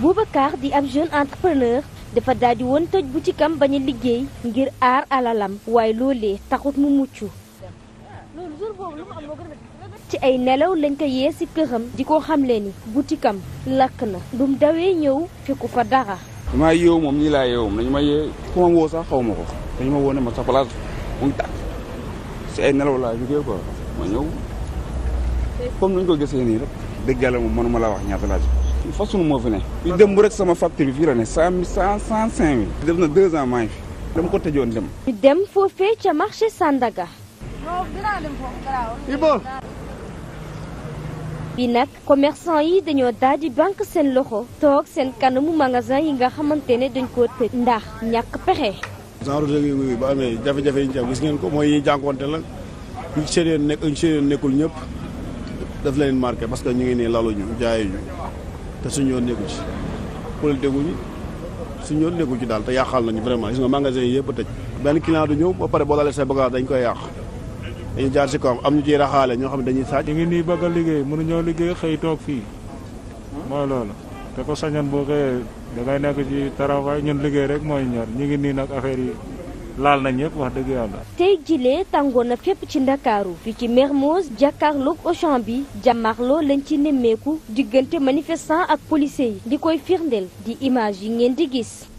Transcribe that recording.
Boubacar di ab jeune entrepreneur dafa daal di woon tëj butikam bañ a liggéey ngir aar alalam waaye loolee taxut mu mucc. ci ay nelaw lañ ko yee si këram di ko xamle ni butikam lakk na bu mu dawee ñëw fekku fa dara. damaa yeewu moom nii laa yeewu moom dañu ma yee ku ma woo sax xaw ma ko dañu ma woo ma sa place mu ngi tàkk si ay nelaw laa jógee quoi ma ñëw comme nuñ ko gisee nii rek. dëgg yàlla moom mënuma laa wax ñaata laa ci fasunu moo fi ne fi dem bu rek sama facture fii la ne cent mille cent cent cinq mille def na deux ans maa ngi dama ko tëjoon dem di dem foofee ca marché Sandaga bi nag commerçant yi dañoo daal di banque seen loxo toog seen kanamu magasin yi nga xamante ne dañ ko tëj ndax ñàkk pexe genre dëgg ba amee jafe-jafe yi ñu gis ngeen ko mooy yi jànkoonte la ñu séeréer nekk nekkul ñëpp def leen marqué parce que ñu ngi nii laluñu jaayuñu te suñu yoon nekku ci politique guñu suñu yoon nekku ci daal te yàqal nañu vraiment gis nga magasin yi yëpp tëj benn client du ñëw ba pare boo dalee say bagage dañ koy yàq dañu jaar si kawam am ñu ciy raxaale ñoo xam ne dañuy sàcc ñu ngi nii bëgg a liggéey mënu ñoo liggéey xëy toog fii mooy loolu te ko sañoon boo xëyee da ngay nekk ci travail ñun liggéey rek mooy ñor ñu ngi nii nag affaire yi laal na ñëpp wax dëgg yàlla. tey jilee tàngoon na fépp ci ndakaaru fi ci Mermoz jàkkaarloog Auchan bi jàmmaarloo lañ ci nemmeeku diggante manifestant ak policier yi di koy firndeel di image yi ngeen di gis.